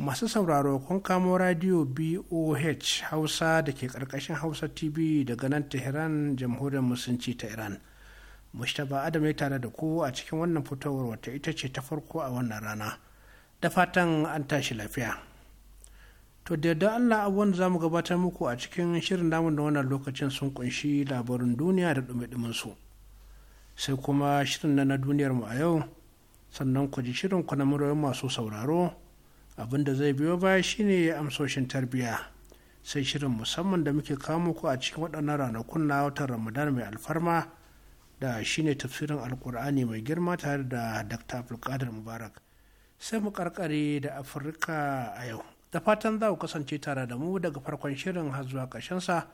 masu sauraro kun kamo radio boh hausa da ke karkashin hausa tv daga nan tehran jamhuriyar musulunci ta iran mustapha adam ya tare da ku a cikin wannan fitowar wata ita ce ta farko a wannan rana da fatan an tashi lafiya to da yarda allah abuwan za mu gabatar muku a cikin shirin namun da wannan lokacin sun kunshi labarin duniya da su sai kuma shirin na duniyar mu a yau sannan ku ji shirin ku na masu sauraro abin da zai biyo baya shine amsoshin tarbiyya sai shirin musamman da muke kawo muku a cikin waɗannan ranakun na watan ramadan mai alfarma da shine tafsirin alkur'ani mai girma tare da dr abdulkadir mubarak sai mu karkare da afirka a yau da fatan za ku kasance tare da mu daga farkon shirin har zuwa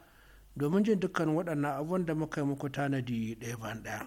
domin jin dukkan waɗannan abubuwan da muka yi muku tanadi ɗaya bayan ɗaya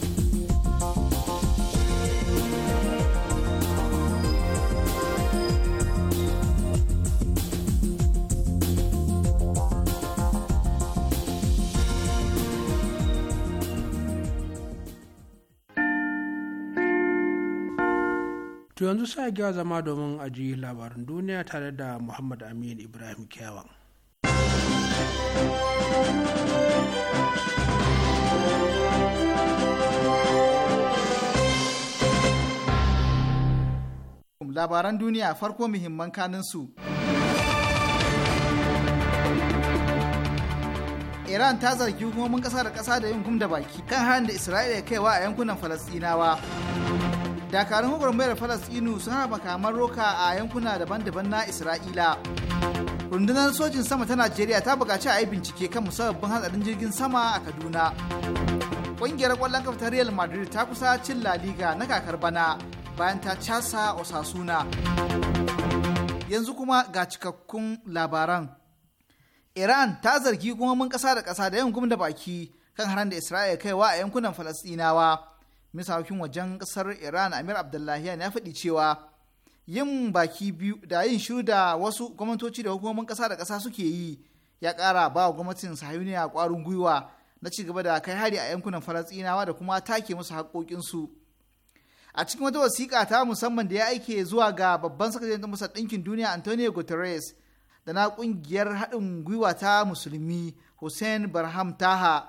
yanzu sa gya zama domin aji labarin duniya tare da Muhammad Amin Ibrahim Kyawan. Labaran duniya farko muhimman kanin su. Iran ta zargi hukumomin ƙasa da ƙasa da yin gum da baki kan harin da Isra'ila ya kaiwa a yankunan Falasɗinawa. dakarun gwagwarmayar falasɗinu sun haɓa kamar roka a yankuna daban-daban na isra'ila rundunar sojin sama ta najeriya ta buƙaci a yi bincike kan musabbabin hatsarin jirgin sama a kaduna ƙungiyar ƙwallon kafa ta real madrid ta kusa cin la liga na kakar bana bayan ta casa osasuna yanzu kuma ga cikakkun labaran iran ta zargi hukumomin ƙasa da kasa da yin da baki kan haran da isra'ila kaiwa a yankunan falasɗinawa minista wajen kasar iran amir abdullahian ya faɗi cewa yin baki biyu da yin shiru da wasu gwamnatoci da hukumomin ƙasa da ƙasa suke yi ya ƙara ba wa gwamnatin sahiyuniya kwarin gwiwa na ci gaba da kai hari a yankunan falasɗinawa da kuma take musu haƙoƙinsu a cikin wata wasiƙa ta musamman da ya aike zuwa ga babban sakataren musa ɗinkin duniya antonio guterres da na ƙungiyar haɗin gwiwa ta musulmi hussein barham taha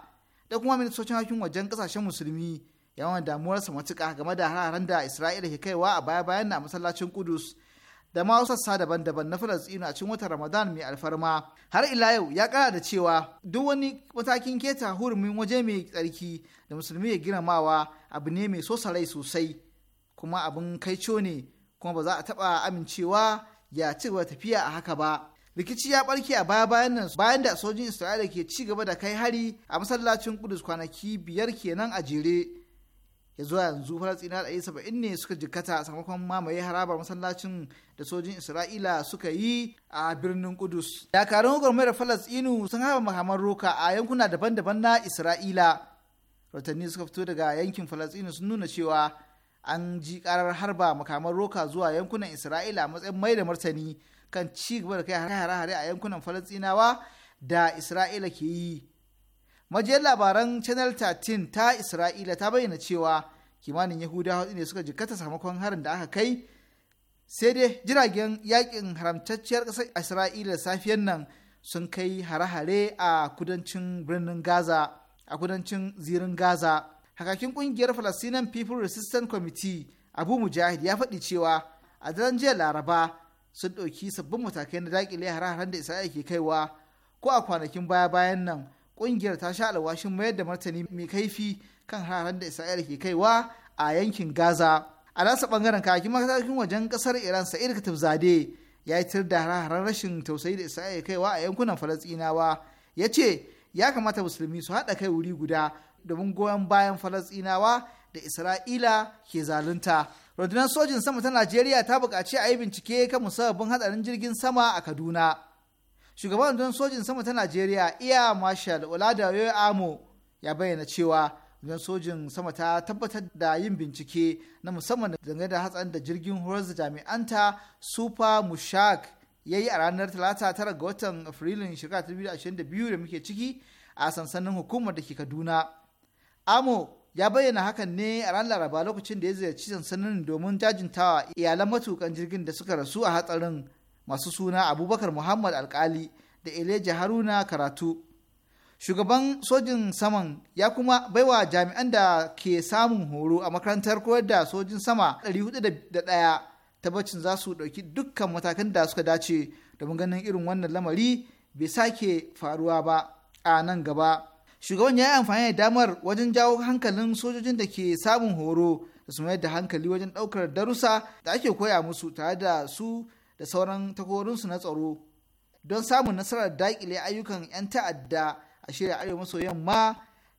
da kuma ministocin hakin wajen ƙasashen musulmi yawan damuwarsa matuƙa game da hararen da isra'ila ke kaiwa a baya bayan na masallacin kudus da ma sassa daban-daban na falastinu a cikin watan ramadan mai alfarma har ila yau ya kara da cewa duk wani matakin keta hurumin waje mai tsarki da musulmi ya girmamawa abu ne mai so sarai sosai kuma abin kaico ne kuma ba za a taba amincewa ya ci gaba tafiya a haka ba rikici ya barke a baya bayan nan bayan da sojin isra'ila ke ci gaba da kai hari a masallacin kudus kwanaki biyar kenan a jere ya zuwa yanzu falastina da saba'in ne suka jikkata sakamakon mamaye harabar masallacin da sojin isra'ila suka yi a birnin kudus dakarun gwamnatin falasinu sun haɓa makamar roka a yankuna daban-daban na isra'ila rahotanni suka fito daga yankin falasinu sun nuna cewa an ji karar harba makaman roka zuwa yankunan isra'ila a matsayin mai da martani kan ci gaba da kai hare-hare a yankunan falasinawa da isra'ila ke yi majiyar labaran channel 13 ta isra'ila ta bayyana cewa kimanin yahudawa ne suka jikata sakamakon harin da aka kai sai dai jiragen yakin haramtacciyar ƙasar isra'ila safiyan nan sun kai hare-hare a kudancin birnin gaza a kudancin zirin gaza hakakin kungiyar palestinian people resistance committee abu mujahid ya faɗi cewa a daren jiya laraba sun ɗauki sabbin matakai na daƙile hare-haren da isra'ila ke kaiwa ko a kwanakin baya-bayan nan ƙungiyar ta sha alwashin mayar da martani mai kaifi kan hararen da isra'ila ke kaiwa a yankin gaza a nasa bangaren kakin matakin wajen kasar iran sa'id katib zade ya yi tir da hararen rashin tausayi da isra'ila kaiwa a yankunan falastinawa ya ce ya kamata musulmi su haɗa kai wuri guda domin goyon bayan falastinawa da isra'ila ke zalunta rundunar sojin sama ta najeriya ta buƙaci a yi bincike kan musabbabin hatsarin jirgin sama a kaduna shugaban don sojin sama ta najeriya iya marshal oladayo amo ya bayyana cewa don sojin sama ta tabbatar da yin bincike na musamman dangane da hatsarin da jirgin horar da jami'anta super mushak ya yi a ranar talata tara ga watan afrilun shekara 2022 da muke ciki a sansanin hukumar da ke kaduna amo ya bayyana hakan ne a ranar laraba lokacin da ya ziyarci sansanin domin jajintawa iyalan matukan jirgin da suka rasu a hatsarin masu suna abubakar muhammad alkali da eleja haruna karatu shugaban sojin saman ya kuma baiwa jami'an da ke samun horo a makarantar koyar da sojin sama 401 tabbacin za su ɗauki dukkan matakan da suka dace domin ganin irin wannan lamari bai sake faruwa ba a nan gaba shugaban ya yi amfani da damar wajen jawo hankalin sojojin da ke samun horo da su mayar da hankali wajen ɗaukar darussa da ake koya musu tare da su da sauran takwarorinsu na tsaro don samun nasarar daƙile ayyukan 'yan ta'adda a shirya arewa maso yamma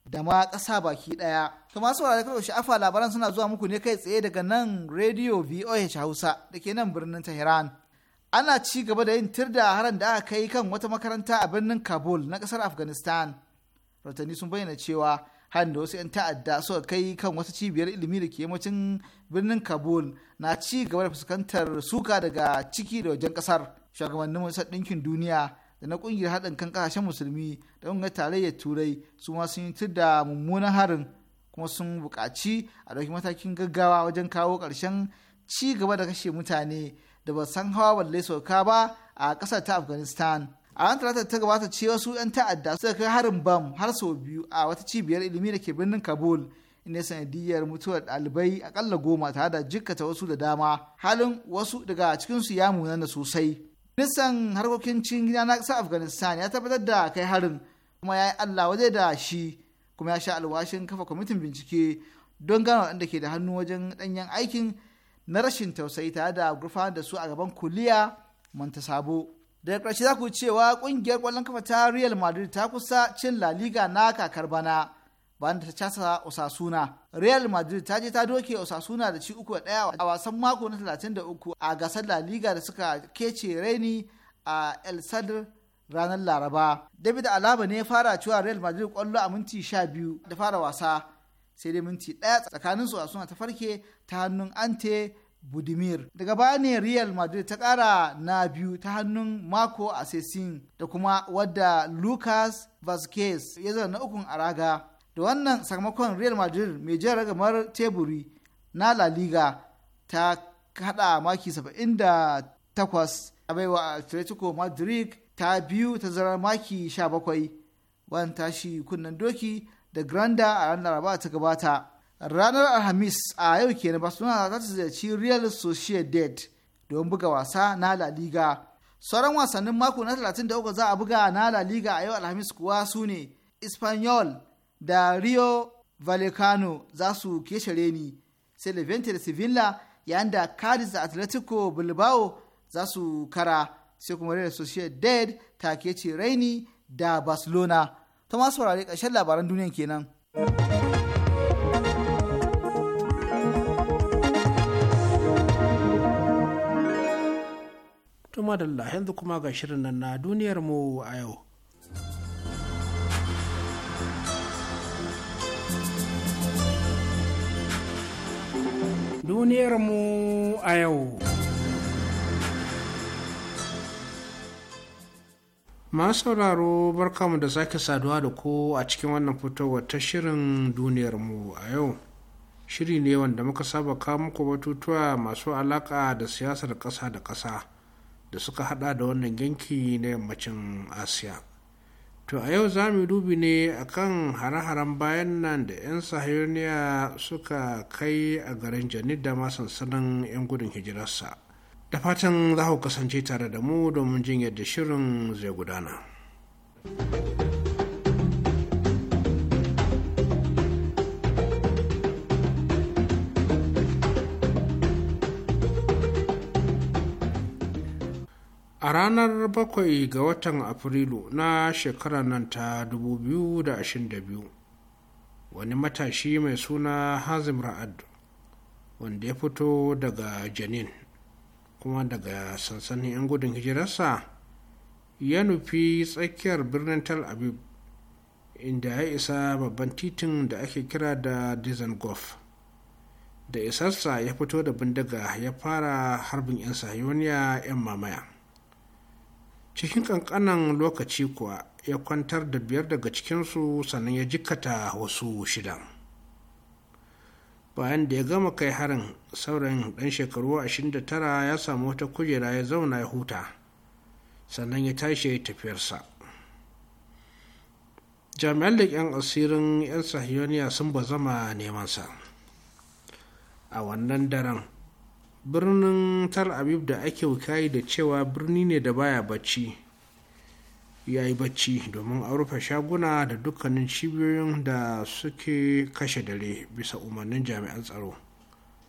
da ma ƙasa baki ɗaya. To masu wurare kawai sha'afa labaran suna zuwa muku ne kai tsaye daga nan Radio VOH Hausa da ke nan birnin Tehran. Ana ci gaba da yin tirda haran da aka kai kan wata makaranta a birnin Kabul na ƙasar Afghanistan. Rautani sun bayyana cewa hannu da wasu 'yan ta'adda suka kai kan wasu cibiyar ilimi da ke yammacin birnin kabul na ci gaba da fuskantar suka daga ciki da wajen kasar shugabannin majalisar ɗinkin duniya da na ƙungiyar haɗin kan ƙasashen musulmi da ƙungiyar tarayyar turai su ma sun yi da mummunan harin kuma sun buƙaci a ɗauki matakin gaggawa wajen kawo ƙarshen ci gaba da kashe mutane da ba san hawa balle sauka ba a ƙasar ta afghanistan a ran talata ta gabata ce wasu 'yan ta'adda suka kai harin bam har sau biyu a wata cibiyar ilimi da ke birnin kabul inda sanadiyar mutuwar dalibai akalla goma tare da jikkata wasu da dama halin wasu daga cikinsu ya munana sosai ministan harkokin cin gida na ƙasar afghanistan ya tabbatar da kai harin kuma ya yi allah waje da shi kuma ya sha alwashin kafa kwamitin bincike don gano waɗanda ke da hannu wajen ɗanyen aikin na rashin tausayi tare da gurfa da su a gaban kuliya sabo daga ƙarshe za ku cewa ƙungiyar ƙwallon kafa ta real madrid ta kusa cin la liga na kakar bana bayan da ta casa osasuna real madrid ta je ta doke osasuna da ci uku da ɗaya a wasan mako na 33 a gasar la liga da suka kece raini a el sadr ranar laraba david alaba ne ya fara cewa real madrid ƙwallo a minti 12 da fara wasa sai dai minti ɗaya tsakanin su osasuna ta farke ta hannun ante budimir daga baya ne real madrid ta kara na biyu ta hannun marco Asesin da kuma wadda lucas Vazquez ya zara na ukun a raga da wannan sakamakon real madrid mai jiyar ragamar teburi na la liga ta hada maki 78 a baiwa atletico madrid ta biyu ta zara maki 17 wani tashi kunnen doki da granda a ranar laraba ta gabata ranar alhamis a yau kenan barcelona za ta ziyarci real sociedad don buga wasa na la liga sauran wasannin mako na 33 za a buga na la liga a yau alhamis kuwa su ne espanyol da rio vallecano za su keshe reni sai levante da sevilla yayin da cadiz da atletico bilbao za su kara sai kuma real sociedad ta kece raini da barcelona ta masu wurare karshen labaran duniya kenan. to madalla yanzu kuma ga shirin nan na duniyar mu a yau duniyar mu a yau masu sauraro barkamu da sake saduwa da ko a cikin wannan fitowar ta shirin duniyar mu a yau shiri ne wanda muka saba kawo muku batutuwa masu alaka da siyasar ƙasa da ƙasa da suka hada da wannan yanki na yammacin asiya to a yau za mu dubi ne akan hare-haren bayan nan da 'yan sahiyoniya suka kai a garin janid da ma sansanin 'yan gudun hijirarsa da fatan za ku kasance tare da mu domin jin yadda shirin zai gudana. a ranar bakwai ga watan afrilu na shekarar nan ta 2022 wani matashi mai suna hazim ra'ad wanda ya fito daga janin kuma daga sansanin 'yan gudun hijirarsa ya nufi tsakiyar birnin Tal Abib, inda ya isa babban titin da ake kira da dizengoff da isarsa ya fito da bindiga ya fara harbin 'yan sahiyoniya 'yan mamaya cikin kankanan lokaci kuwa ya kwantar da biyar daga cikinsu sannan ya jikata wasu shidan bayan da ya gama kai harin sauran dan shekaru 29 ya samu wata kujera ya zauna ya huta sannan ya tashi ya tafiyarsa jami'an da 'yan asirin 'yan sahiyoniya sun bazama nemansa a wannan daren birnin tel aviv da ake wukayi da cewa birni ne da baya bacci ya yi bacci domin a rufe shaguna da dukkanin cibiyoyin da suke kashe dare bisa umarnin jami'an tsaro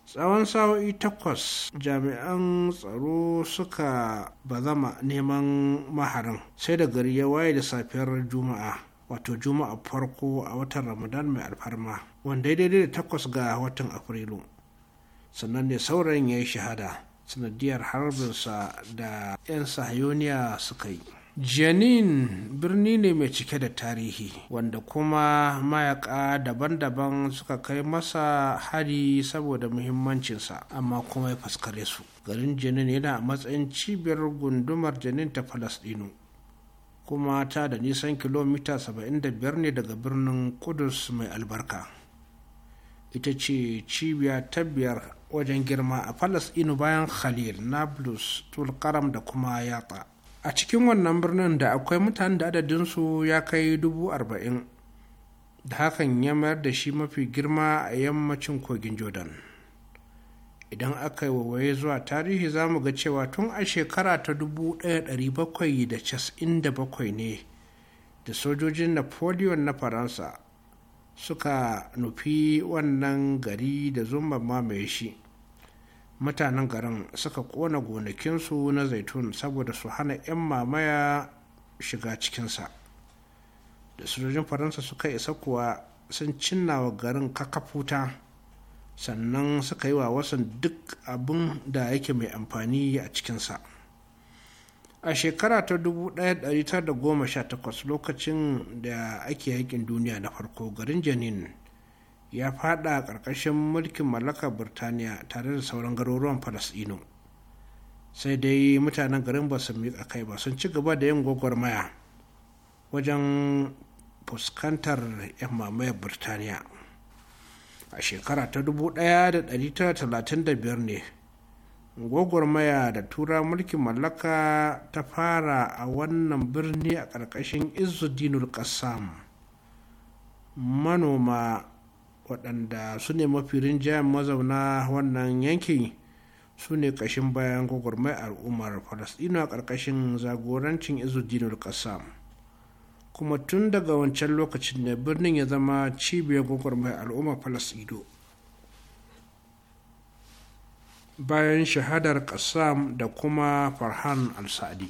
tsawon sa'o'i takwas jami'an tsaro suka bazama neman maharin sai da gari ya waye da safiyar juma'a wato juma'a farko a watan ramadan mai alfarma wanda daidai da takwas ga watan afrilu sannan ne sauran ya yi shahada sanadiyar harbinsa da 'yan sahayoniya suka yi Janin birni ne mai cike da tarihi wanda kuma mayaka daban-daban suka kai masa hari saboda muhimmancinsa amma kuma ya faskare su. Garin Janin yana a matsayin cibiyar gundumar Janin ta Falasɗinu kuma ta da nisan kilomita 75 ne daga birnin Kudus mai albarka. ita ce cibiya ta biyar wajen girma a falasɗinu bayan khalil nablus tulkaram da kuma yatsa a cikin wannan birnin da akwai mutane da adadinsu ya kai dubu arba'in da hakan ya mayar da shi mafi girma a yammacin kogin jordan idan aka yi wawaye zuwa tarihi za mu ga cewa tun a shekara ta dubu 1797 ne da sojojin napoleon na faransa suka nufi wannan gari da zumban mamaye shi mutanen garin suka kona gonakinsu na zaitun saboda su hana 'yan mamaya shiga cikinsa da sojojin faransa suka isa kuwa sun cinna wa garin kakafuta sannan suka yi wa wasan duk abin da yake mai amfani a cikinsa a shekara ta 1918 lokacin da ake yakin duniya na farko garin janin ya fada ƙarƙashin mulkin mallakar birtaniya tare da sauran garuruwan falasino sai dai mutanen garin basu su miƙa kai ba sun ci gaba da yin gwagwarmaya wajen fuskantar 'yan mamayar birtaniya a shekara ta 1935 ne gwagwarmaya da tura mulkin mallaka ta fara a wannan birni a ƙarƙashin Izudinul qassam manoma waɗanda su ne mafi rinjayen mazauna wannan yanki su ne ƙashin bayan gwagwarmaya al'ummar falasɗinu a ƙarƙashin zagorancin Izudinul qassam kuma tun daga wancan lokacin da birnin ya zama cibiyar gwagwarmaya al'ummar falasɗinu bayan shahadar ƙasam da kuma farhan al-sa'di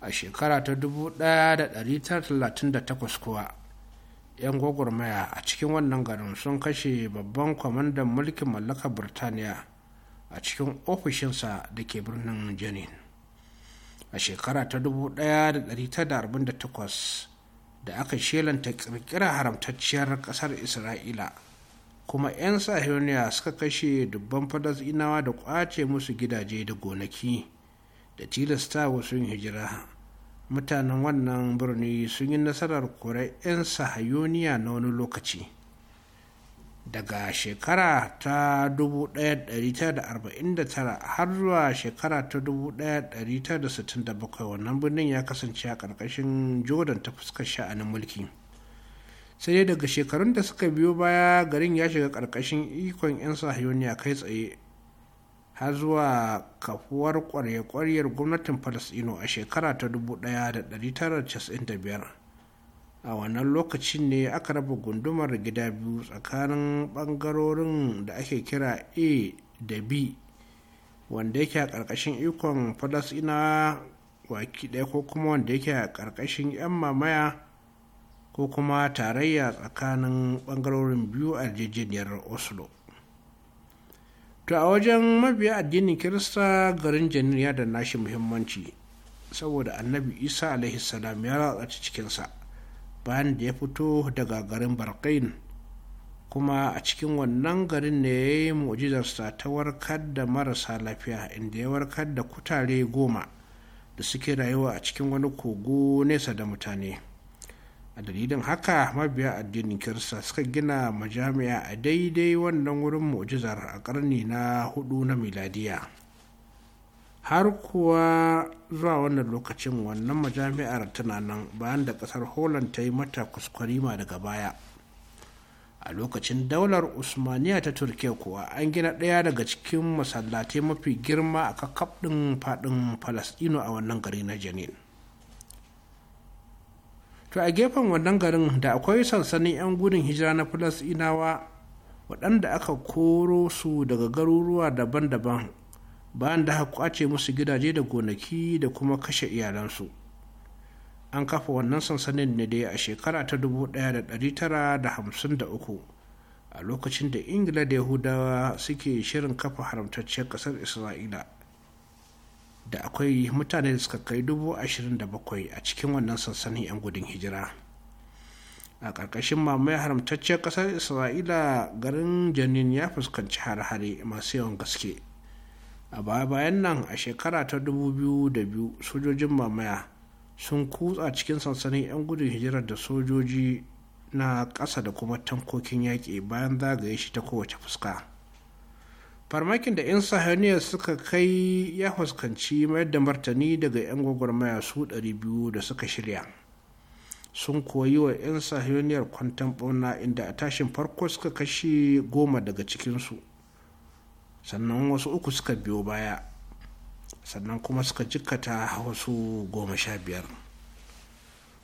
a shekara ta 1938 kuwa 'yan gwagwarmaya a cikin wannan garin sun kashe babban kwamandan mulkin mallaka birtaniya a cikin ofishinsa da ke birnin janin a shekara ta 1948 da aka shelanta kirkira haramtacciyar kasar isra'ila kuma 'yan sahiyoniya suka kashe dubban inawa da kwace musu gidaje da gonaki da tilasta wasu hijira mutanen wannan birni sun yi nasarar kore 'yan sahiyoniya na wani lokaci daga shekara ta 1949 har zuwa shekara ta 1967 wannan birnin ya kasance a ƙarƙashin jordan ta fuskar sha'anin mulki sai dai daga shekarun da suka biyo baya garin ya shiga ƙarƙashin ikon 'yan sahiyoniya kai tsaye har zuwa kafuwar ƙwarya-ƙwaryar gwamnatin falasino a shekara ta 1995 a wannan lokacin ne aka raba gundumar gida biyu tsakanin ɓangarorin da ake kira a da b wanda yake a ƙarƙashin ikon falasina waki ɗaya ko kuma wanda yake a ƙarƙashin 'yan mamaya ko kuma tarayya tsakanin bangarorin biyu a yarjejeniyar oslo to a wajen mabiya addinin kirista garin janin ya da nashi muhimmanci saboda annabi isa alaihi salam ya ratsa cikinsa bayan da ya fito daga garin barkain kuma a cikin wannan garin ne ya yi mu'jizarsa ta warkar da marasa lafiya inda ya warkar da kutare goma da suke rayuwa a cikin wani kogo nesa da mutane a dalilin haka mabiya addinin kirista suka gina majami'a a daidai wannan wurin mu'jizar a karni na hudu na miladiya har kuwa zuwa wannan lokacin wannan majami'ar tana nan bayan da ƙasar holland ta yi mata kuskurima daga baya a lokacin daular usmaniya ta turkiya kuwa an gina ɗaya daga cikin masallatai mafi girma a kakkaɓin faɗin falasɗino a wannan gari na janin to a gefen wannan garin da akwai sansanin 'yan gudun hijira na inawa waɗanda aka koro su daga garuruwa daban-daban bayan da haka kwace musu gidaje da gonaki da kuma kashe iyalansu an kafa wannan sansanin ne dai a shekara ta 1953 a lokacin da ingila da yahudawa suke shirin kafa haramtacciyar ƙasar isra'ila da akwai mutane da suka kai dubu ashirin da bakwai a cikin wannan sansanin 'yan gudun hijira a ƙarƙashin mamaye haramtacciyar ƙasar isra'ila garin janin ya fuskanci har-hare masu yawan gaske a baya-bayan nan a shekara ta biyu, sojojin mamaya sun kutsa cikin sansanin 'yan gudun hijirar da sojoji na ƙasa da kuma tankokin yaƙi bayan zagaye shi ta kowace fuska. farmakin da 'yan sahaniya suka kai ya fuskanci mayar da martani daga 'yan gwagwarmaya su 200 da suka shirya sun koyi wa 'yan sahaniyar kwantan bauna inda a tashin farko suka kashe goma daga cikinsu sannan wasu uku suka biyo baya sannan kuma suka jikata wasu goma sha biyar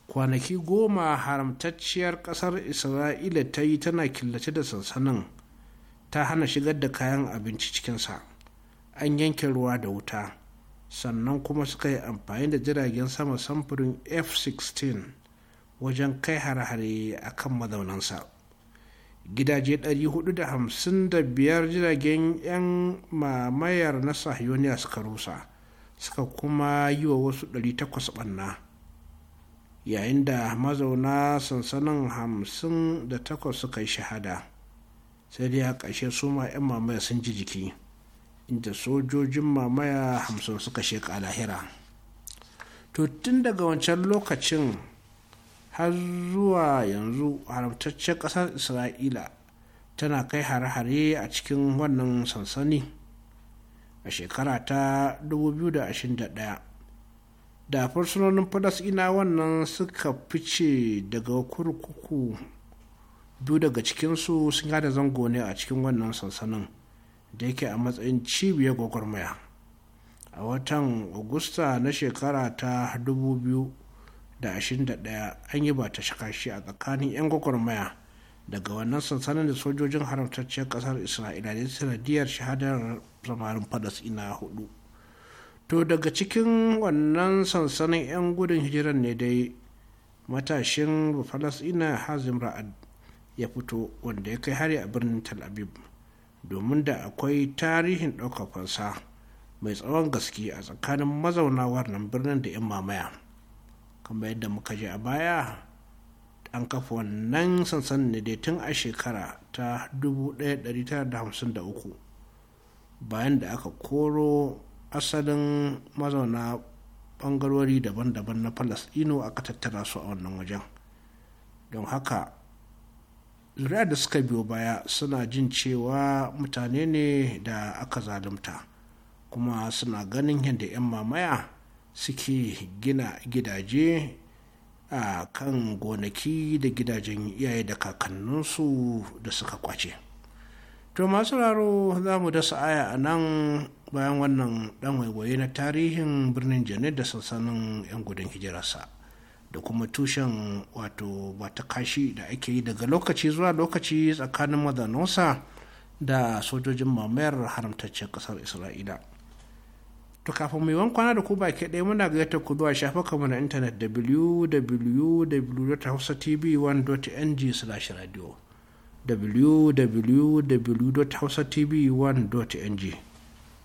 kwanaki goma haramtacciyar ƙasar isra'ila ta yi tana killace da sansanin ta hana shigar da kayan abinci cikinsa an yanke ruwa da wuta sannan kuma suka yi amfani da jiragen sama samfurin f-16 wajen kai har hare a kan mazaunansa gidaje 455 jiragen 'yan mamayar na sahiyoniya suka rusa suka kuma yi wa wasu 800 ɓanna yayin da mazauna sansanin 58 suka yi shahada sai dai a ƙarshe su ma 'yan mamaya sun ji jiki inda sojojin mamaya hamsin suka sheƙa lahira to tun daga wancan lokacin har zuwa yanzu haramtaccen ƙasar isra'ila tana kai hare-hare a cikin wannan sansani a shekara ta 2021 da fursunonin falasina wannan suka fice daga kurkuku biyu daga cikinsu sun yada zango ne a cikin wannan sansanin da yake a matsayin cibiyar gwagwarmaya a watan agusta na shekara ta 2021 an yi ba ta shakashi a tsakanin 'yan gwagwarmaya daga wannan sansanin da sojojin haramtacciyar kasar isra'ila da sanadiyar shahadar samarin falasina hudu to daga cikin wannan sansanin 'yan gudun hijiran ne dai matashin falasina hazim ra'ad ya fito wanda ya kai hari a birnin tel aviv domin da akwai tarihin ɗaukar fansa mai tsawon gaske a tsakanin mazauna wannan birnin da 'yan mamaya kamar yadda muka je a baya an kafa wannan sansanin ne dai tun a shekara ta 1953 bayan da aka koro asalin mazauna bangarori daban-daban na falasɗinu aka tattara su a wannan wajen don haka zuriya da suka biyo baya suna jin cewa mutane ne da aka zalunta kuma suna ganin yadda 'yan mamaya suke gina gidaje a kan gonaki da gidajen iyaye da kakanninsu da suka kwace to masu raro za mu da aya a nan bayan wannan dan waiwaye na tarihin birnin janet da sansanin 'yan gudun hijirarsa da kuma tushen wato bata kashi da ake yi daga lokaci zuwa lokaci tsakanin madanosa da sojojin mamayar haramtaccen kasar isra'ila to kafin mai wankwana da ku baki ɗaya muna gayyata kuduwa shafa shafukanmu na intanet www.hausatv1.ng/radio www.hausatv1.ng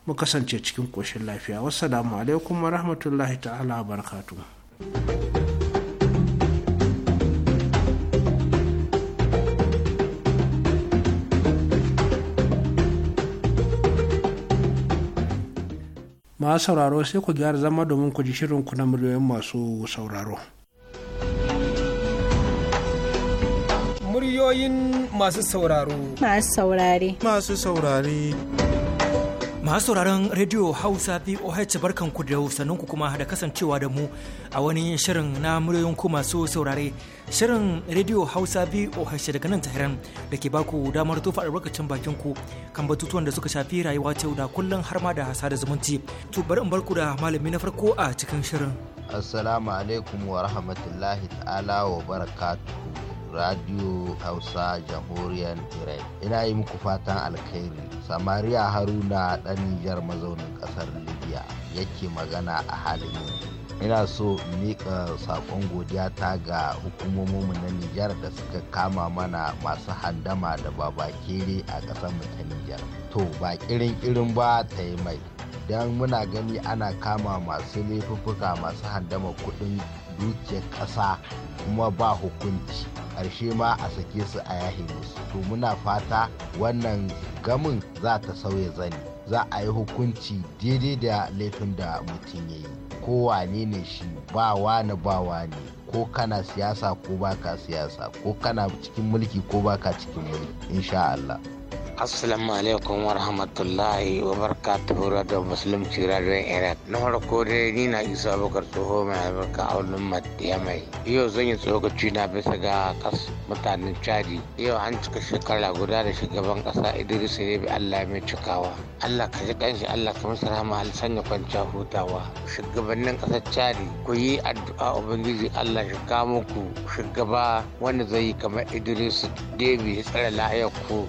mu kasance cikin koshin lafiya wassalamu alaikum wa rahmatullahi ta'ala barakatuhu masu sauraro sai ku gyara zama domin ku ji shirin ku na miliyoyin masu sauraro. Muryoyin masu sauraro. Masu saurare. Masu saurare. Masu sauraron rediyo Hausa VOH barkanku da ku kuma da kasancewa da mu a wani shirin na muryoyin ku masu saurare. Shirin rediyo Hausa VOH daga nan Tahiran da ke baku damar tofa albarkacin bakin ku kan batutuwan da suka shafi rayuwa ta yau da kullum har ma da da zumunci. To bari in barku da malami na farko a cikin shirin. Assalamu alaikum wa rahmatullahi ta'ala wa barakatuhu. radio hausa jamhuriyar iran ina yi muku fatan alkhairi samariya haruna ɗan nijar mazaunin ƙasar libya yake magana a halin yanzu ina so miƙa saƙon godiya ta ga hukumominmu na Nijar da suka kama mana masu handama da babakere a ƙasar mu ta Nijar. To ba kirin kirin ba ta yi mai. Don muna gani ana kama masu laifuffuka masu handama kuɗin dukiyar ƙasa kuma ba hukunci ƙarshe ma a sake su a yahe musu to muna fata wannan gamin za ta sauya zani za a yi hukunci daidai da laifin da mutum ya yi ko wane ne shi ba wani ba wani ko kana siyasa ko baka siyasa ko kana cikin mulki ko baka cikin mulki insha Allah assalamu alaikum wa rahmatullahi wa hura da musulunci radio iraq na farko dai ni na isa abokar tsoho mai albarka a wani matiya mai yau zan yi tsokaci na bisa ga kas mutanen chadi yau an cika shekara guda da shugaban kasa idris bi allah mai cikawa allah ka ji kanshi allah ka masa rahama hal sanya kwanciya hutawa shugabannin kasar chadi ku yi addu'a ubangiji allah shi maku muku shugaba wanda zai yi kamar idris debi ya tsara lahiyar ku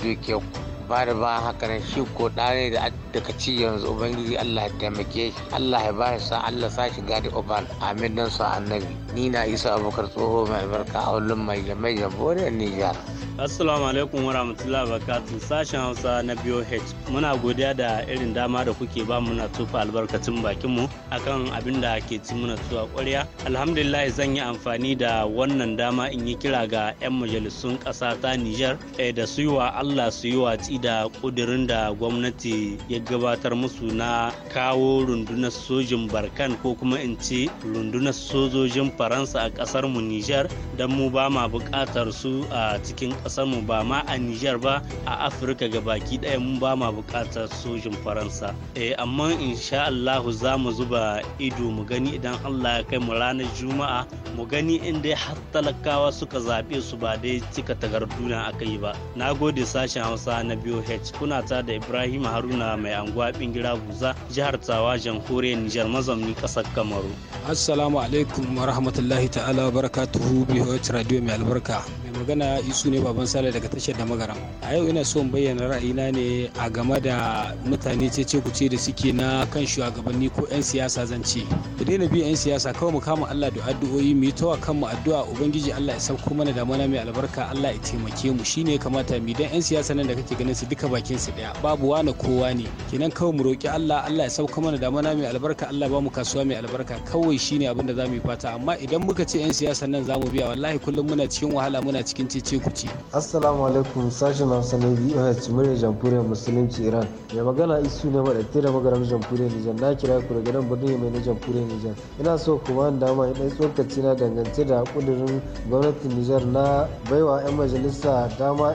radio kyau ba da ba haka nan shi ko ne da daga ci yanzu ubangiji Allah ya taimake shi Allah ya ba shi sa Allah sa shi gadi obal amin dan sa annabi ni na isa abokar tsoho mai barka a hulun mai jamai jamboriyar Nijar. Assalamu alaikum wa rahmatullahi wa barakatuh sashen Hausa na BOH muna godiya da irin dama da kuke ba mu na tufa albarkacin bakin mu akan abin da ke ci muna tuwa ƙwarya alhamdulillah zan yi amfani da wannan dama in yi kira ga 'yan majalisun ƙasa ta Nijar eh, da su yi wa Allah su yi wa watsi da ƙudirin da gwamnati ya gabatar musu na kawo rundunar sojin barkan ko kuma in ce rundunar sojojin faransa a kasar mu nijar don mu ba ma buƙatar su a cikin kasar mu ba ma a nijar ba a afirka ga baki ɗaya mun ba ma buƙatar sojin faransa eh amma insha allahu za mu zuba ido mu gani idan allah ya kai mu ranar juma'a mu gani inda har talakawa suka zaɓe su ba dai cika tagarduna aka yi ba na gode sashen hausa na BOH kuna ta da Ibrahim Haruna mai anguwa bingira buza jihar Tsawa jamhuriyar Nijar mazamni kasar Kamaru. Assalamu alaikum wa rahmatullahi ta'ala biyu BOH radio mai albarka. Mai magana isu ne baban sale daga tashar da magaram. A yau ina son bayyana ra'ayina ne a game da mutane cece kuce da suke na kan shugabanni ko 'yan siyasa zance. Ku daina bi 'yan siyasa kawai mu kama Allah da addu'o'i mu yi tawa mu addu'a ubangiji Allah ya sauko mana da mana mai albarka Allah ya taimake mu shine kamata mu dan 'yan siyasa nan da kake ganin mutanen su duka bakin su daya babu wani kowa ne kenan kawai mu roki Allah Allah ya sauka mana da mana mai albarka Allah ba mu kasuwa mai albarka kawai shine abin da zamu yi fata amma idan muka ce yan siyasa nan zamu biya wallahi kullum muna cikin wahala muna cikin cece kuce assalamu alaikum sashen Hausa na a murya jamhuriyar musulunci Iran mai magana isu ne madatte da magaram jamhuriyar Nijar na kira ku daga nan birnin mai na jamhuriyar Nijar ina so ku ba dama in tsokaci na dangance da kudirin gwamnatin Nijar na baiwa 'yan majalisa dama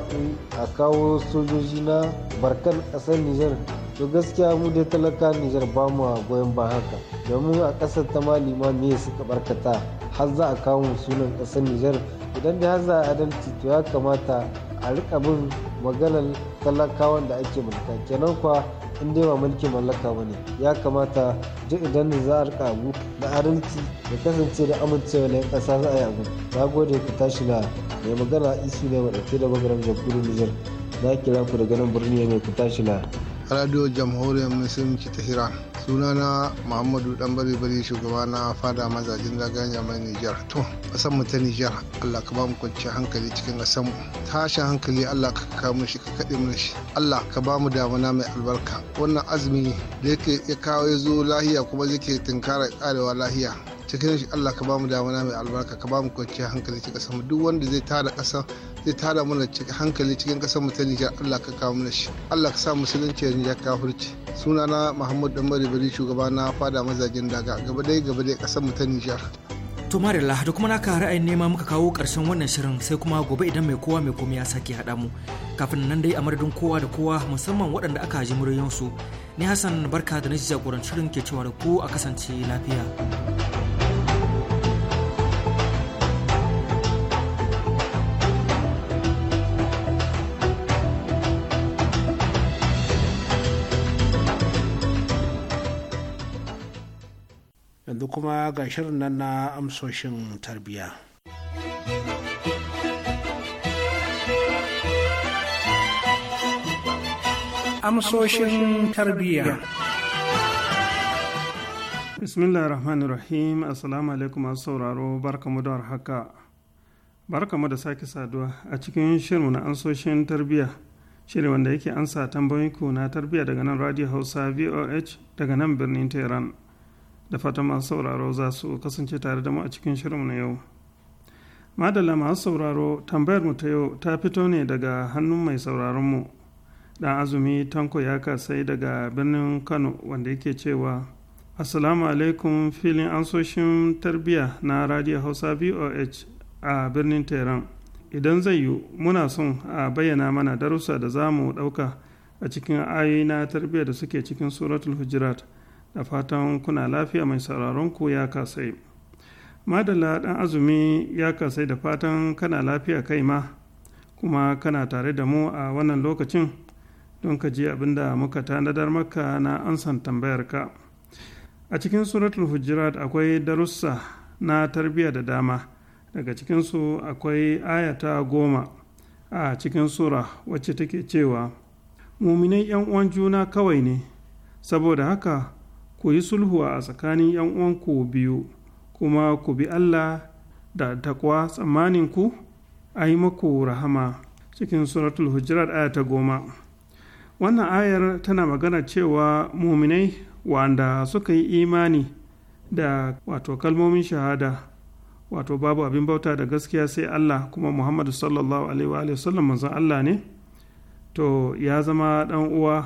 a kawo sojoji shi na barkan ƙasar nijar to gaskiya mu dai talaka nijar ba mu goyon ba haka domin a ƙasar ta mali ma me suka barkata har za a kawo sunan ƙasar nijar idan da har za a adalci to ya kamata a rika bin maganar talakawan da ake mulka kenan kuwa in dai ba mulkin mallaka ba ne ya kamata duk idan za a rika abu da adalci da kasance da amincewa na ƙasa za a yi abu na gode ku tashi na mai magana isu ne wadda da magaran jamhuriyar nijar na kira ku da ganin birni mai ku tashi radio jamhuriyar musulunci ta hira Suna na muhammadu dan bari bari shugaba na fada mazajin zaganya mai nijar to kasan mu ta nijar allah ka ba mu kwanciyar hankali cikin kasan mu tashin hankali allah ka kawo shi ka kaɗe mu shi allah ka ba mu damuna mai albarka wannan azumi da yake ya kawo ya zo lahiya kuma zai ke tunkara karewa lahiya cikin shi Allah ka bamu damuna mai albarka ka bamu kwanciya hankali cikin kasar mu duk wanda zai tada kasar zai tada mana hankali cikin kasar mu ta Nijar Allah ka kawo mana shi Allah ka sa musulunci ya Nijar kafirci sunana Muhammad Dan Bari shugaba na fada mazajen daga gaba dai gaba dai kasar mu ta Nijar To Marilla da kuma naka ra'ayin nema muka kawo ƙarshen wannan shirin sai kuma gobe idan mai kowa mai komai ya sake haɗa mu. Kafin nan dai a madadin kowa da kowa musamman waɗanda aka ji muryoyinsu. Ni Hassan barka da na jagorancin shirin ke cewa da ku a kasance lafiya. yanzu kuma ga shirin nan na amsoshin tarbiya. Amsoshin tarbiya. Bismillah rahman rahim Assalamu alaikum masu sauraro barkamu da warhaka. Barkamu da sake saduwa a cikin shirin na amsoshin tarbiyya. Shirin wanda yake ansa tambayoyinku na tarbiyya daga nan Radio Hausa VOH daga nan birnin Tehran. da fatan masu sauraro za su kasance tare da mu a cikin shirinmu na yau madalla masu sauraro tambayar mu ta yau ta fito ne daga hannun mai sauraronmu dan azumi tanko ya kasai daga birnin kano wanda yake cewa assalamu alaikum filin ansoshin tarbiyya na radio hausa voh a birnin tehran idan zai yiwu muna son a bayyana mana darussa da za mu ɗauka a cikin ayoyi na tarbiyya da suke cikin suratul hujurat da fatan kuna lafiya mai sauraron ku ya kasai madalla dan azumi ya kasai da fatan kana lafiya kai ma kuma kana tare da mu a wannan lokacin don ka ji abin da muka tanadar maka na ansan tambayarka a cikin suratul hujurat akwai darussa na tarbiyya da dama daga cikinsu akwai ayata goma a cikin sura wacce take cewa muminai 'yan uwan juna kawai ne saboda haka ku yi sulhu a tsakanin ‘yan uwanku biyu kuma ku bi Allah da takwa tsammanin ku a yi maku rahama cikin suratul hujurat aya ta goma wannan ayar tana magana cewa muminai wanda suka yi imani da wato kalmomin shahada wato babu abin bauta da gaskiya sai Allah kuma Muhammadu sallallahu alaihi wa manzon Allah ne to ya zama dan uwa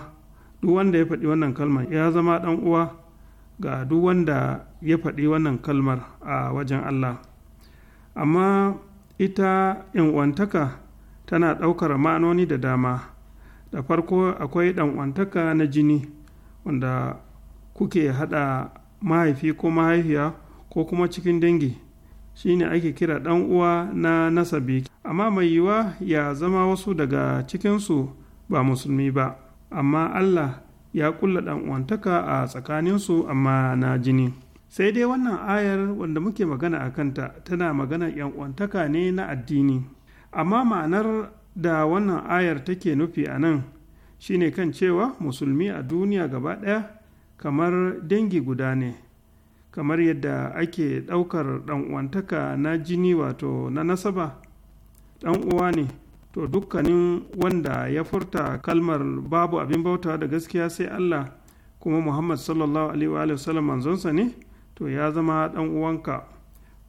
duk wanda ya faɗi wannan kalmar ya zama dan uwa ga duk wanda ya faɗi wannan kalmar a wajen Allah amma ita uwantaka tana ɗaukar ma'anoni da dama da farko akwai ɗan'uwantaka na jini wanda kuke haɗa mahaifi ko mahaifiya ko kuma cikin dangi shine ake kira ɗan uwa na nasabi amma mai yiwuwa ya zama wasu daga cikinsu ba musulmi ba amma Allah ya kulla ɗan uwantaka a tsakaninsu amma na jini sai dai wannan ayar wanda muke magana a kanta tana magana yan uwantaka ne na addini amma ma'anar da wannan ayar take nufi a nan shine kan cewa musulmi a duniya gaba ɗaya kamar dangi guda ne kamar yadda ake ɗaukar uwantaka na jini wato na nasaba ɗan uwa ne to dukkanin wanda ya furta kalmar babu abin bauta da gaskiya sai Allah kuma Muhammad sallallahu alaihi wa sallam manzonsa ne to ya zama dan uwanka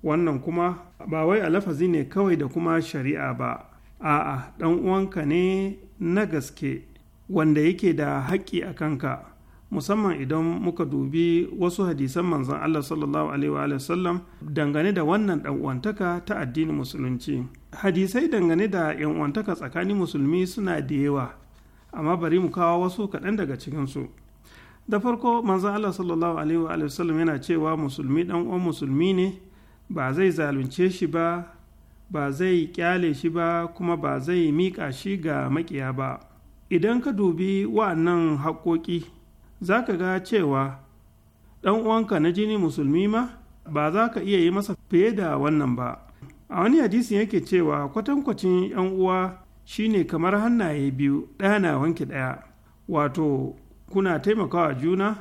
wannan kuma ba wai a lafazi ne kawai da kuma shari'a ba a'a dan uwanka ne na gaske wanda yake da haƙƙi a kanka musamman idan muka dubi wasu hadisan manzon Allah sallallahu alaihi wa sallam dangane da wannan dan uwantaka ta addinin musulunci hadisai dangane da yan'uwantaka tsakanin musulmi suna da yawa amma bari mu kawo wasu kaɗan daga cikinsu da farko manzo Allah sallallahu alaihi wa sallam yana cewa musulmi dan uwan musulmi ne ba zai zalunce shi ba ba zai kyale shi ba kuma ba zai miƙa shi ga makiya ba idan ka dubi wa'annan haƙoƙi za ka ga cewa ɗan uwanka na jini musulmi ma ba za ka iya yi masa fiye da wannan ba a wani hadisin yake cewa kwatankwacin yan uwa shine kamar hannaye biyu ɗaya na wanke ɗaya wato kuna taimakawa juna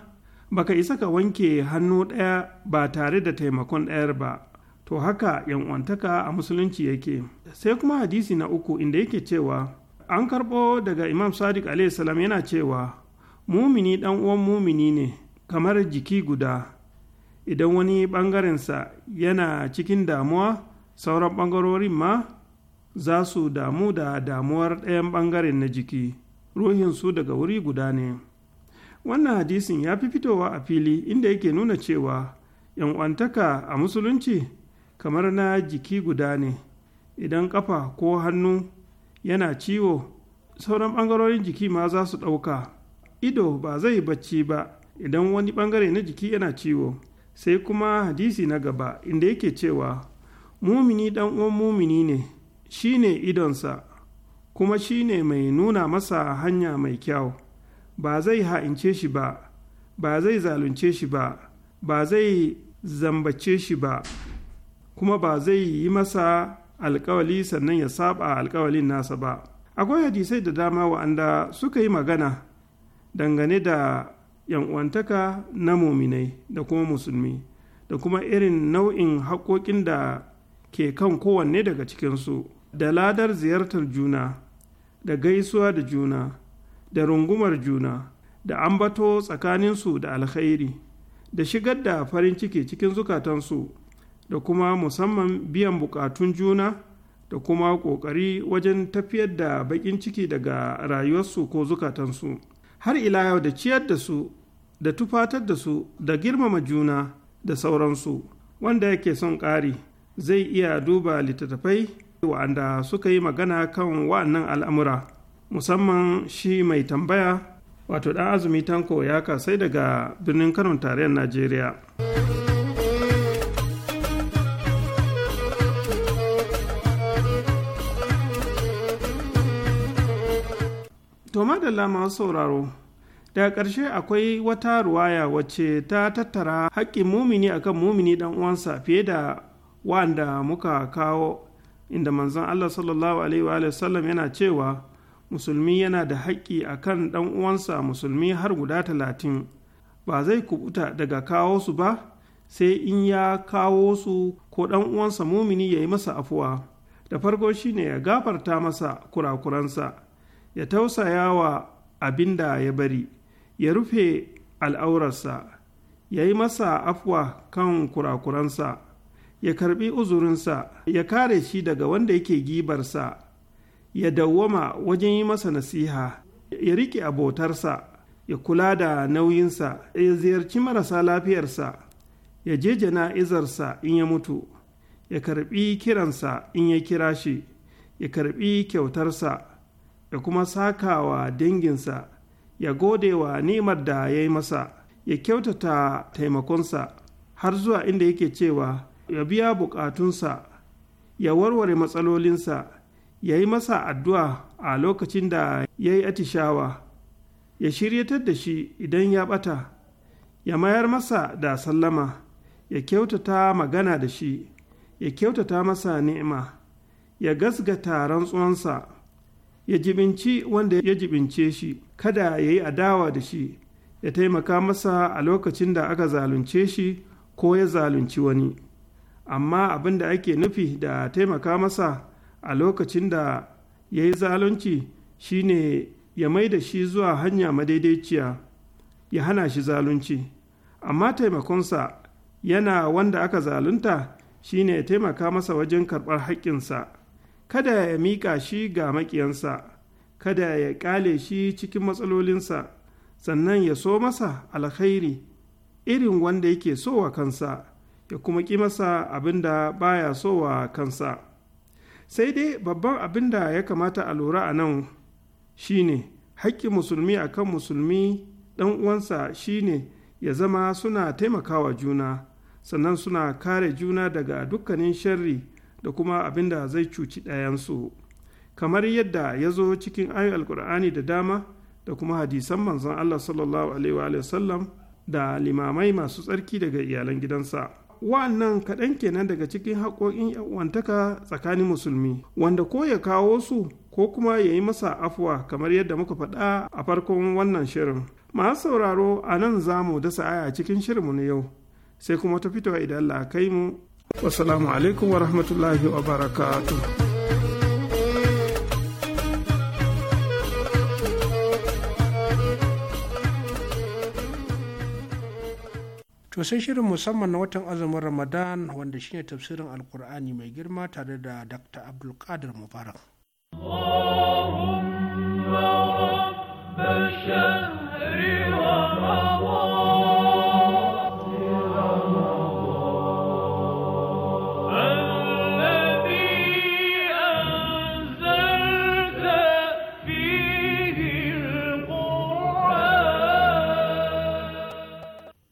baka isa ka wanke hannu ɗaya ba tare da taimakon ɗayar ba to haka yan'uwantaka a musulunci yake sai kuma hadisi na uku inda yake cewa an karɓo daga imam sadiq salam yana cewa mumini ɗan uwan mumini ne kamar jiki guda idan wani ɓangarensa yana cikin damuwa sauran ɓangarorin ma za su damu da damuwar ɗayan ɓangaren na jiki ruhinsu daga wuri guda ne wannan hadisin ya fi fitowa a fili inda yake nuna cewa yan'uwantaka a musulunci kamar na jiki guda ne idan ƙafa ko hannu yana ciwo sauran ɓangarorin jiki ma za su ɗauka ido ba zai bacci ba idan wani ɓangare na jiki yana ciwo sai kuma hadisi na gaba inda yake cewa mumini dan uwan mumini ne shi ne idonsa kuma shi ne mai nuna masa hanya mai kyau ba zai ha'ince shi ba ba zai zalunce shi ba ba zai zambace shi ba kuma ba zai yi masa alkawali sannan ya saba alkawalin nasa ba akwai hadisai da dama wa'anda suka yi magana dangane da yan'uwantaka na muminai da kuma musulmi da kuma irin nau'in haƙoƙin da ke kan kowanne daga cikinsu da ladar ziyartar juna da gaisuwa da juna da rungumar juna da ambato tsakaninsu da alkhairi da shigar da farin ciki cikin zukatansu da kuma musamman biyan bukatun juna da kuma ƙoƙari wajen tafiyar da baƙin ciki daga rayuwarsu ko zukatansu har ila yau da ciyar da su da tufatar da su da girmama juna da sauransu wanda yake son ƙari zai iya duba littattafai wa'anda suka yi magana kan wa'annan al'amura musamman shi mai tambaya wato ɗan azumi tanko ya kasai daga birnin kanon tarayyar najeriya to da masu sauraro daga ƙarshe akwai wata ruwaya wacce ta tattara haƙƙin mumini akan mumini ɗan uwansa fiye da wanda muka kawo inda manzon Allah sallallahu alaihi wa sallam yana cewa musulmi yana da haƙƙi a kan ɗan uwansa musulmi har guda talatin ba zai kubuta daga kawo su ba sai in ya kawo su ko ɗan uwansa mumini ya yi masa afuwa da farko shine ya gafarta masa kurakuransa ya tausaya wa abin da ya bari ya rufe al'aurarsa ya yi masa afuwa kan kurakuransa ya karbi uzurinsa ya kare shi daga wanda yake gibarsa ya dawwama wajen yi masa nasiha ya rike abotarsa ya kula da nauyinsa ya ziyarci marasa lafiyarsa ya je jana'izarsa in ya mutu ya karbi kiransa in ya kira shi ya karbi kyautarsa ya kuma sakawa danginsa ya gode wa nimar da ya yi masa ya kyautata taimakonsa har zuwa inda yake cewa ya biya bukatunsa ya warware matsalolinsa ya yi masa addu'a a lokacin da ya yi atishawa ya shiryatar da shi idan ya bata ya mayar masa da sallama ya kyautata magana da shi ya kyautata masa ni'ima ya gasgata rantsuwansa ya jibinci wanda ya jibince shi kada ya yi adawa da shi ya taimaka masa a lokacin da aka zalunce shi ko ya zalunci wani amma abin da ake nufi da taimaka masa a lokacin da ya yi zalunci shine ya mai da shi zuwa hanya madaidaiciya ya hana shi zalunci amma taimakonsa yana wanda aka zalunta shine ya taimaka masa wajen karɓar haƙƙinsa kada ya miƙa shi ga maƙiyansa kada ya ƙale shi cikin matsalolinsa sannan ya so masa alkhairi irin wanda yake so wa kansa ya kuma ƙi masa abin da baya so wa kansa sai dai babban abin da ya kamata a lura a nan ne haƙƙin musulmi akan musulmi ɗan uwansa ne ya zama suna taimakawa juna sannan suna kare juna daga dukkanin sharri da kuma abin da zai cuci ɗayansu kamar yadda ya zo cikin ayu alkur'ani da dama da kuma hadisan manzon allah sallallahu alaihi wa sallam da limamai masu tsarki daga iyalan gidansa wannan kaɗan kenan daga cikin haƙoƙin uwantaka tsakanin musulmi wanda ko ya kawo su ko kuma ya yi masa afuwa kamar yadda muka faɗa a farkon wannan shirin masu sauraro a nan za mu dasa aya cikin shirinmu na yau sai kuma ta fitowa idan Allah mu wasu alaikum wa rahmatullahi wa barakatuh to sai shirin musamman na watan azumin ramadan wanda shine tafsirin alkur'ani mai girma tare da dr abdulkadir mubarak Allahumma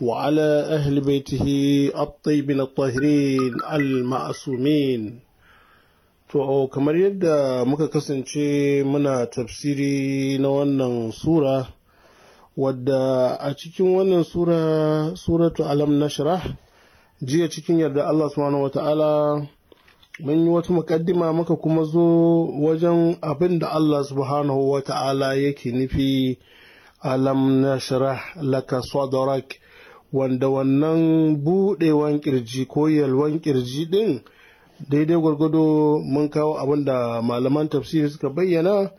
وعلى أهل بيته الطيبين الطاهرين المعصومين To, kamar yadda muka kasance muna tafsiri na wannan Sura, wadda a cikin wannan Sura, Suratu Alam Nashrah, jiya cikin yarda Allah subhanahu wa mun yi wata muƙaddima muka kuma zo wajen abin da Allah subhanahu wa yake nufi alam nashrah laka sadrak wanda wannan buɗewan kirji ko yalwan kirji ɗin daidai gwargwado mun kawo abin da malaman tafsiri suka bayyana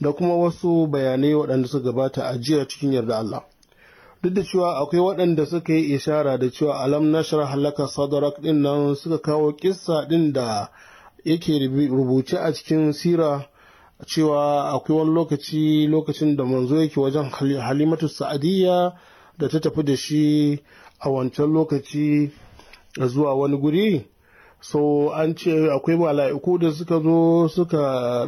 da kuma wasu bayanai waɗanda suka gabata a jiya cikin yarda Allah. Duk da cewa akwai waɗanda suka yi ishara da cewa alam nashar halaka sadarak ɗin nan suka kawo kissa ɗin da yake rubuce a cikin sira cewa akwai wani lokaci lokacin da manzo yake wajen halimatu sa'adiyya da ta tafi da shi a wancan lokaci zuwa wani guri so an ce akwai mala'iku da suka zo suka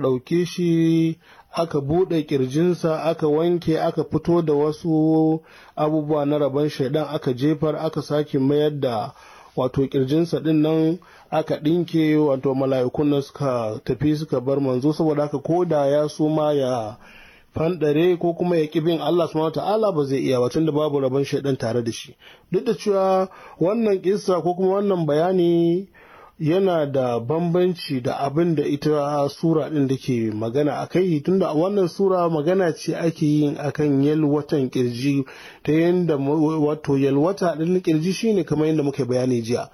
ɗauke shi aka buɗe ƙirjinsa aka wanke aka fito da wasu abubuwa na rabon shaidan aka jefar aka sake mayar da wato ƙirjinsa ɗin nan aka ɗinke wato mala'ikun suka tafi suka bar manzo saboda aka koda ya suma ya fanɗare ko kuma ya bin Allah subhanahu ta'ala ba zai iya ba tunda babu rabon shaidan tare da shi duk da cewa wannan kissa ko kuma wannan bayani yana da bambanci da abin da ita sura ɗin da ke magana a kai tunda a wannan sura magana ce ake yin akan yalwatan kirji ta yadda wato yalwata ɗin kirji shine kamar yadda muka bayani jiya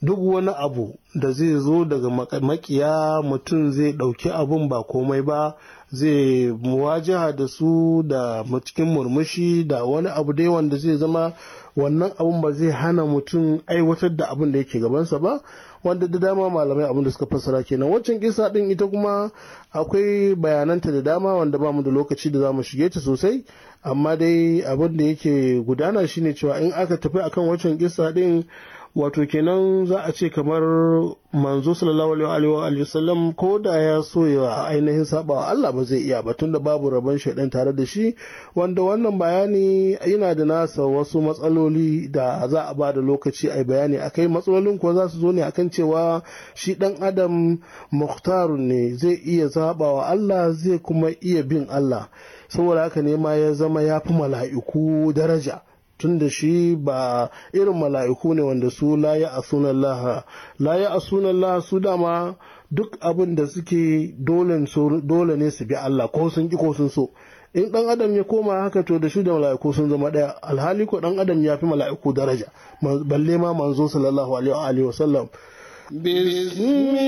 duk wani abu da zai zo daga maƙiya mutum zai ɗauki abin ba komai ba zai muwajaha da su da cikin murmushi da wani abu dai wanda zai zama wannan abun ba zai hana mutum aiwatar da abin da yake gabansa ba wanda da dama malamai abin da suka fassara kenan wancan kisa din ita kuma akwai bayananta da dama wanda ba mu da lokaci da za mu shige ta sosai amma dai abin da yake gudana shine cewa in aka tafi akan wancan kisa din wato kenan za a ce kamar manzo sallallahu alaihi wa sallam ko da ya so ya ainihin saba Allah ba zai iya ba tunda babu rabon shaidan tare da shi wanda wannan bayani yana da nasa wasu matsaloli da za a ba da lokaci a bayani akai matsalolin ko za su zo ne akan cewa shi dan adam muhtarun ne zai iya saba wa Allah zai kuma iya bin Allah saboda haka ne ma ya zama ya fi mala'iku daraja tun da shi ba irin mala'iku ne wanda su laye a sunan laha laye a sunan laha su dama duk abin da suke dole ne su bi Allah ko sun ƙi ko sun so in ɗan adam ya koma haka to da shi da mala'iku sun zama ɗaya. alhali ko ɗan adam ya fi mala'iku daraja balle ma manzo sallallahu alaihi wa sallam bismillahir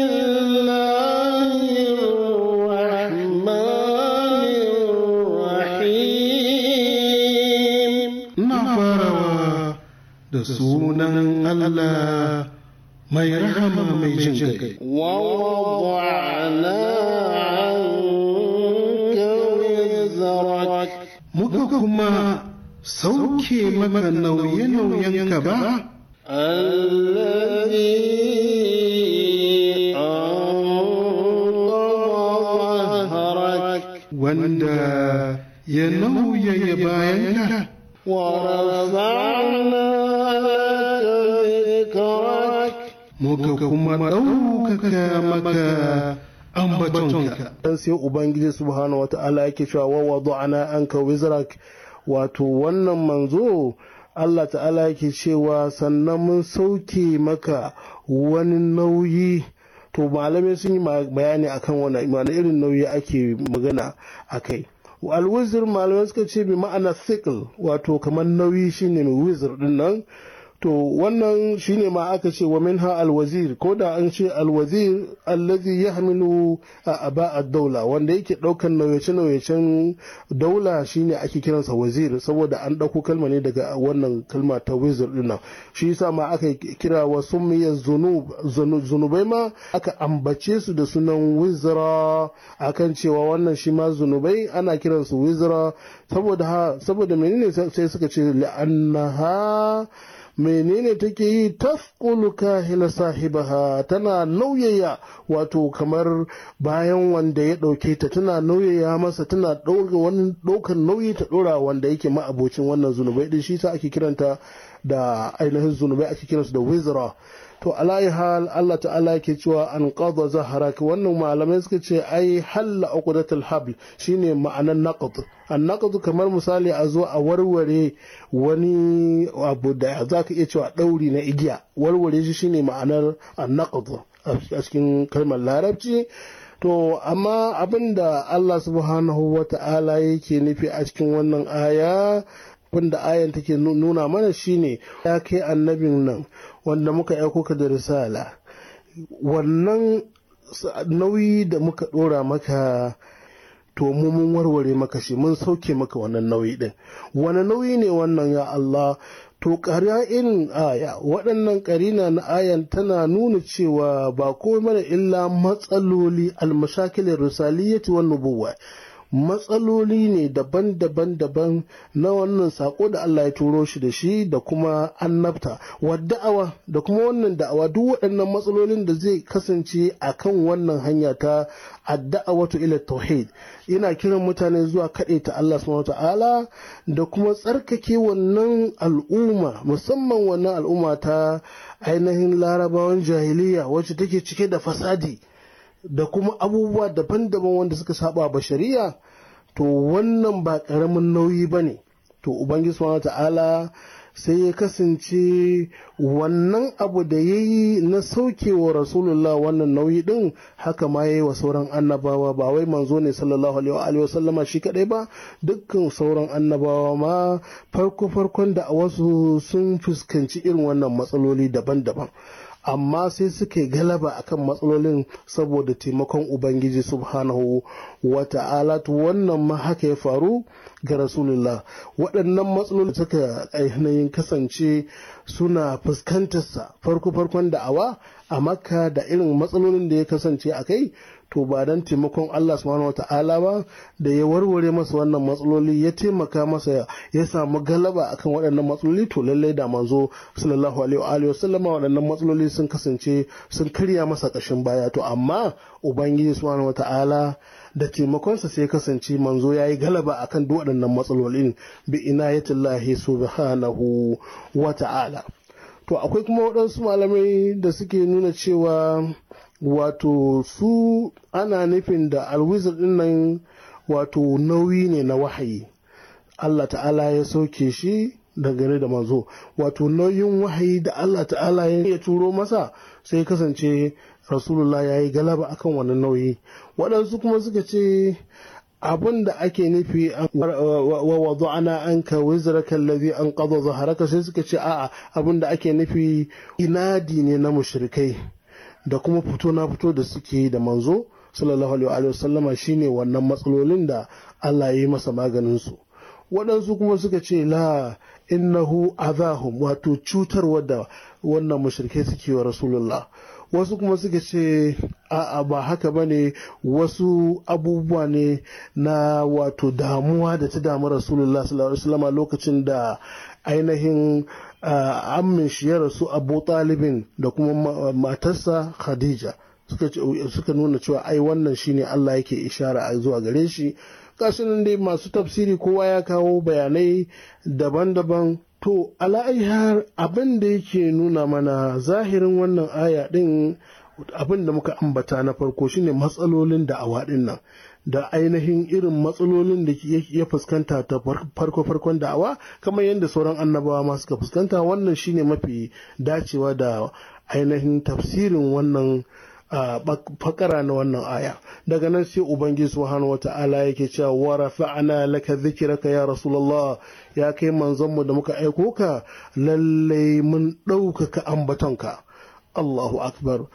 sunan Allah mai rahama mai jin kai. Muka kuma sauke maka nauye-nauyen ka ba? Wanda ya nauyaya bayan ka. muka kuma ɗaukaka maka ambatonka. sai Ubangiji subhanahu wata'ala yake cewa wa wada'ana anka wizrak wato wannan manzo Allah ta'ala yake cewa sannan mun sauke maka wani nauyi to malamai sun yi bayani akan wani wani irin nauyi ake magana akai. Alwizir malamai suka ce bi ma'ana thiql wato kamar nauyi shine wizr wizir din to wannan shine ma aka ce wa minha alwazir ko da an ce alwazir allazi yahmilu a aba a daula wanda yake daukan nauyace nauyacen daula shine ake kiransa wazir saboda an ɗauko kalma ne daga wannan kalma ta wizir dina shi yasa ma aka kira wa sumiya zunubai ma aka ambace su da sunan wizra akan cewa wannan shi ma zunubai ana kiransu wizra saboda saboda menene sai suka ce la'annaha menene take yi tafqulu kahila sahibaha tana nauyaya wato kamar bayan wanda ya ɗauke ta tana nauyaya masa tana ɗaukan nauyi ta ɗora wanda yake ma'abocin wannan zunubai din shi sa ake kiranta da ainihin zunubai ake kiransu da wizra to alayi hal Allah ta'ala yake cewa an qadha zaharaka wannan malamai suka ce ai halla uqdatul habl shine ma'anan naqd an naqd kamar misali a zo a warware wani abu da zaka iya cewa dauri na igiya warware shi shine ma'anar an naqd a cikin kalmar larabci To, amma abin da Allah subhanahu wa ta'ala yake nufi a cikin wannan aya da ayan take nuna mana shine ya kai annabin nan wanda muka aiko ka da risala wannan nauyi da muka ɗora maka to mu mun warware maka shi mun sauke maka wannan nauyi din wani nauyi ne wannan ya Allah to in aya waɗannan ƙarina na ayan tana nuna cewa ba komai mana illa matsaloli almashakilin risaliyyati wannan buwa matsaloli ne daban-daban daban na wannan sako da Allah ya turo shi da shi da kuma annabta wadda'awa da kuma wannan da'awa duk waɗannan matsalolin da zai kasance a kan wannan hanya ta wato ila tauhid ina kiran mutane zuwa kaɗe ta Allah subhanahu ta'ala da kuma tsarkake wannan al'umma musamman wannan al'umma ta ainihin larabawan jahiliya wacce take cike da fasadi da kuma abubuwa daban-daban wanda suka saba ba shari'a to wannan ba ƙaramin nauyi ba ne to ubangiji subhanahu ta'ala sai ya kasance wannan abu da ya yi na saukewa rasulullah wannan nauyi din haka ma ya yi wa sauran annabawa ba wai manzo ne sallallahu alaihi wa sallama shi kadai ba dukkan sauran annabawa ma farko farkon da wasu sun fuskanci irin wannan matsaloli daban-daban amma sai suke galaba a kan matsalolin saboda taimakon ubangiji subhanahu wa ta'ala wannan ma haka ya faru ga rasulullah waɗannan matsalolin da suka ainihin kasance suna fuskantarsa farko farkon da'awa a makka da irin matsalolin da ya kasance a kai to ba dan taimakon Allah subhanahu wata'ala ba da ya warware masa wannan matsaloli ya taimaka masa ya samu galaba akan waɗannan matsaloli to lallai da manzo sallallahu alaihi wa sallama waɗannan matsaloli sun kasance sun karya masa ƙashin baya to amma ubangiji subhanahu wata'ala da taimakonsa sai kasance manzo yayi yi galaba akan duk waɗannan matsalolin bi inayatillahi subhanahu wata'ala to akwai kuma waɗansu malamai da suke nuna cewa wato su ana nufin da alwizir din nan wato nauyi ne na wahayi Allah ta'ala ya sauke shi da gare da manzo wato nauyin wahayi da Allah ta'ala ya turo masa sai kasance rasulullah ya yi galaba akan wannan nauyi waɗansu kuma suka ce abin da ake nufi wa ana an ka wizraka kallabi an ƙazo zaharaka sai suka ce a'a abin da ake nufi inadi ne na mushrikai da kuma fito na fito da suke da manzo sallallahu alaihi wasallama shine wannan matsalolin da Allah ya yi masa maganin su waɗansu kuma suka ce la innahu azahum wato cutarwa da wannan mushrike suke wa rasulullah wasu kuma suka ce a'a ba haka ba ne wasu abubuwa ne na wato damuwa da ta damu rasulullah sallallahu alaihi wasallama lokacin da ainihin Ah, ammin shi ya rasu abu talibin da kuma matarsa khadija suka nuna cewa ai wannan shine allah yake ishara a zuwa gare shi nan dai masu tafsiri kowa ya kawo bayanai daban-daban to ala'ihar abin da yake nuna mana zahirin wannan aya din abin da muka ambata na farko shine matsalolin da din nan da ainihin irin matsalolin da ke iya fuskanta ta farko-farkon da'awa kamar yadda sauran annabawa ma suka fuskanta wannan shine mafi dacewa da ainihin tafsirin wannan fakara na wannan aya daga nan sai ubangiji subhanahu wata'ala yake cewa wa rafa'na laka dhikraka ya rasulullah ya kai manzon mu da muka aiko ka lalle mun ɗaukaka ambatonka Allahu akbar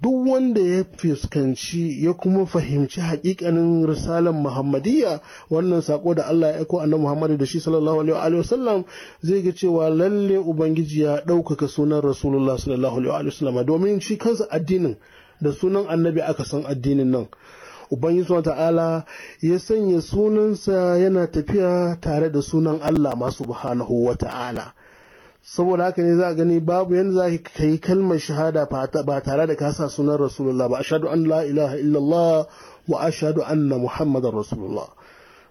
duk wanda ya fuskanci ya kuma fahimci hakikanin risalar muhammadiyya wannan sako da Allah ya aiko annabi Muhammad da shi sallallahu alaihi wa sallam zai ga cewa lalle ubangiji ya ɗaukaka sunan rasulullah sallallahu alaihi wa sallam domin shi kansa addinin da sunan annabi aka san addinin nan Ubangiji wa ta'ala ya sanya sunansa yana tafiya tare da sunan Allah masu subhanahu wa ta'ala. saboda haka ne za a gani babu yadda za ka yi kalmar shahada ba tare da kasa sunan rasulullah ba ashadu an la ilaha illallah wa ashadu anna Muhammadan rasulullah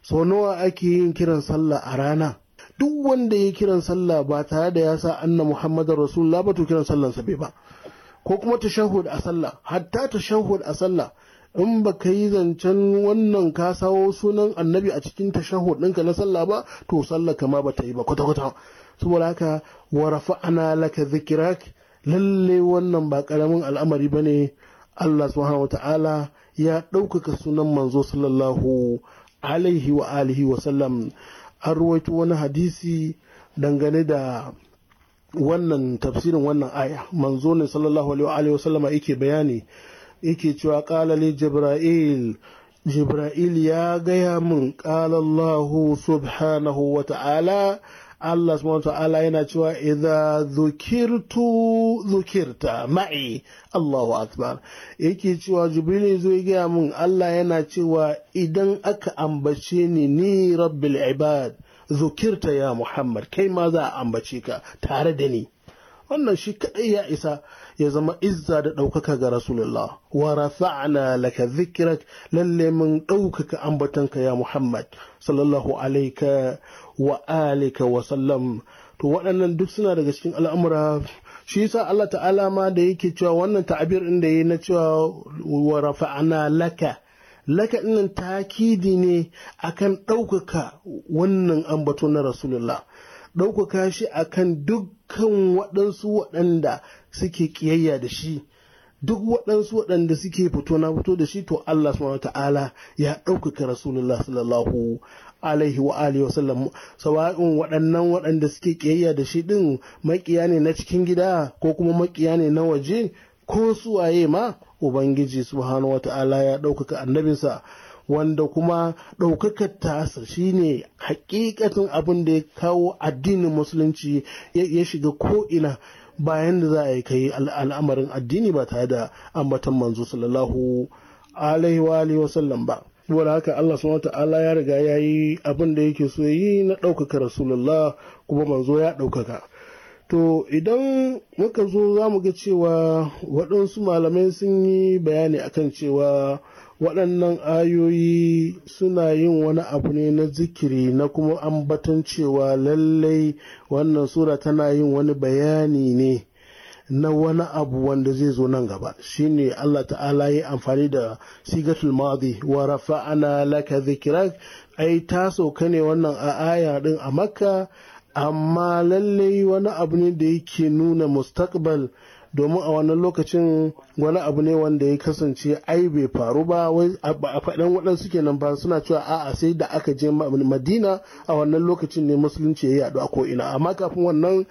sau nawa ake yin kiran sallah a rana duk wanda ya kiran sallah ba tare da ya sa anna Muhammadan rasulullah ba to kiran sallansa bai ba ko kuma tashahud a sallah hatta tashahud a sallah in ba ka yi zancen wannan ka sawo sunan annabi a cikin tashahud ɗinka na sallah ba to sallah kama ba ta yi ba kwata-kwata saboda haka wa rafa'ana laka zikirak lalle wannan ba karamin al'amari bane Allah subhanahu ta'ala ya ɗaukaka sunan manzo sallallahu alaihi wa alihi wa sallam an ruwaito wani hadisi dangane da wannan tafsirin wannan aya manzo ne sallallahu alaihi wa sallama yake bayani yake cewa qala li Jibra'il. Jibra'il ya gaya min qala allahu subhanahu wa ta'ala Allah subhanahu ta'ala yana cewa idza zukirtu zukirta ma'i Allahu akbar yake cewa Jibril zo ya gaya mun Allah yana cewa idan aka ambace ni ni rabbil ibad zukirta ya Muhammad kai ma za a ambace ka tare da ni wannan shi kadai ya isa ya zama izza da ɗaukaka ga rasulullah wa rafa'na laka dhikrak lalle mun ɗaukaka ambatanka ya muhammad sallallahu alaika wa alika wa sallam to waɗannan duk suna daga cikin al'amura shi yasa Allah ta'ala ma da yake cewa wannan ta'abir in da yi na cewa wa rafa'ana laka laka ɗinnan takidi ne akan ɗaukaka wannan ambato na rasulullah ɗaukaka shi akan dukkan waɗansu waɗanda suke ƙiyayya da shi duk waɗansu waɗanda suke fito na fito da shi to Allah subhanahu ta'ala ya ɗaukaka Rasulullah sallallahu alaihi wa alihi wa sallam sawa'un waɗannan waɗanda suke kiyayya da shi din makiya ne na cikin gida ko kuma makiya ne na waje ko suwaye ma ubangiji subhanahu wa ta'ala ya ɗaukaka annabinsa wanda kuma ɗaukakar tasa shine hakikatin abin da ya kawo addinin musulunci ya shiga ko'ina bayan da za a yi kai al'amarin addini ba tare da ambatan manzo sallallahu alaihi wa sallam ba saboda haka Allah subhanahu ta'ala ya riga ya yi abin da yake so yi na ɗaukaka rasulullah kuma manzo ya ɗaukaka to idan muka zo za mu ga cewa waɗansu malamai sun yi bayani akan cewa waɗannan ayoyi suna yin wani abu ne na zikiri na kuma ambatan cewa lallai wannan sura tana yin wani bayani ne na wani abu wanda zai zo nan gaba shine Allah ta'ala yi amfani da sigatul madi wa rafa'ana laka dhikrak ai ta sauka ne wannan a aya din a makka amma lallai wani abu ne da yake nuna mustaqbal domin a wannan lokacin wani abu ne wanda ya kasance ai bai faru ba a faɗan waɗansu nan ba suna cewa a'a sai da aka je madina a wannan lokacin ne musulunci ya yaɗu a ko'ina amma kafin wannan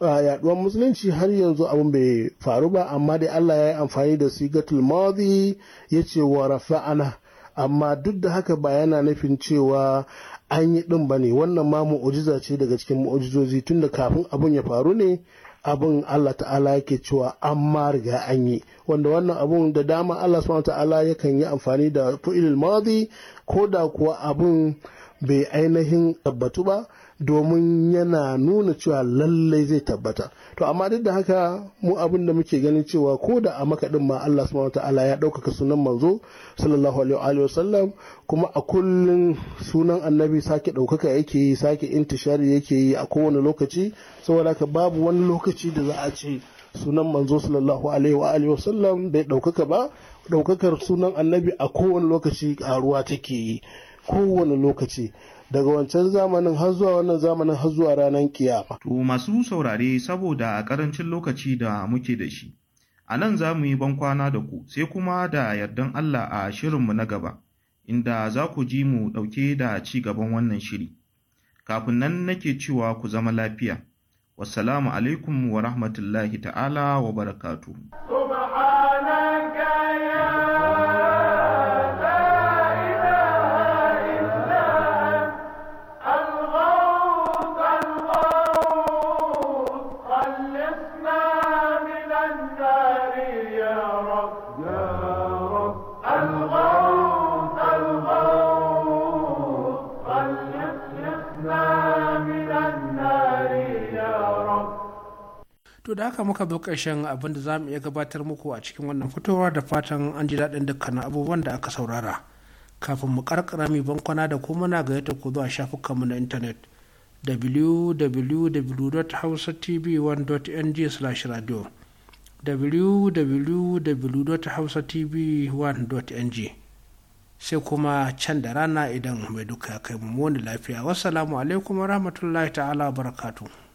yaduwar musulunci har yanzu abin bai faru ba amma dai Allah ya yi amfani da sigatul madi ya ce wa rafa'ana amma duk da haka ba yana nufin cewa an yi ɗin ba ne wannan ma mu'ujiza ce daga cikin mu'ujizozi tun da kafin abin ya faru ne abin Allah ta'ala yake cewa an ma riga an yi wanda wannan abun da dama Allah subhanahu ta'ala yakan yi amfani da fi'il madi ko da kuwa abin bai ainihin tabbatu ba domin yana nuna cewa lallai zai tabbata to amma duk da haka mu abin da muke ganin cewa ko da a makaɗin ma Allah subhanahu ta'ala ya ɗaukaka sunan manzo sallallahu alaihi wa sallam kuma a kullun sunan annabi sake ɗaukaka yake yi sake intishari yake yi a kowane lokaci saboda haka babu wani lokaci da za a ce sunan manzo sallallahu alaihi wa alihi bai ɗaukaka ba ɗaukakar sunan annabi a kowane lokaci ƙaruwa take yi kowane lokaci daga wancan zamanin har zuwa wannan zamanin har zuwa ranar kiyama. To masu saurare saboda a karancin lokaci da muke da shi. A nan za mu yi bankwana da ku sai kuma da yardan Allah a shirinmu na gaba, inda za ku ji mu ɗauke da ci gaban wannan shiri. Kafin nan nake cewa ku zama lafiya. Wassalamu alaikum wa rahmatullahi ta'ala wa barakatuhu. haka muka zo ƙarshen abin da za mu iya gabatar muku a cikin wannan fitowa da fatan an ji daɗin dukkanin abubuwan da aka saurara kafin mu karkara mai bankwana da kuma na gayyata ku zuwa shafukanmu na intanet www.hausatv1.ng/radio www.hausatv1.ng sai kuma can da rana idan mai duka ya kai mu wani lafiya wassalamu alaikum rahmatullahi ta'ala barakatu.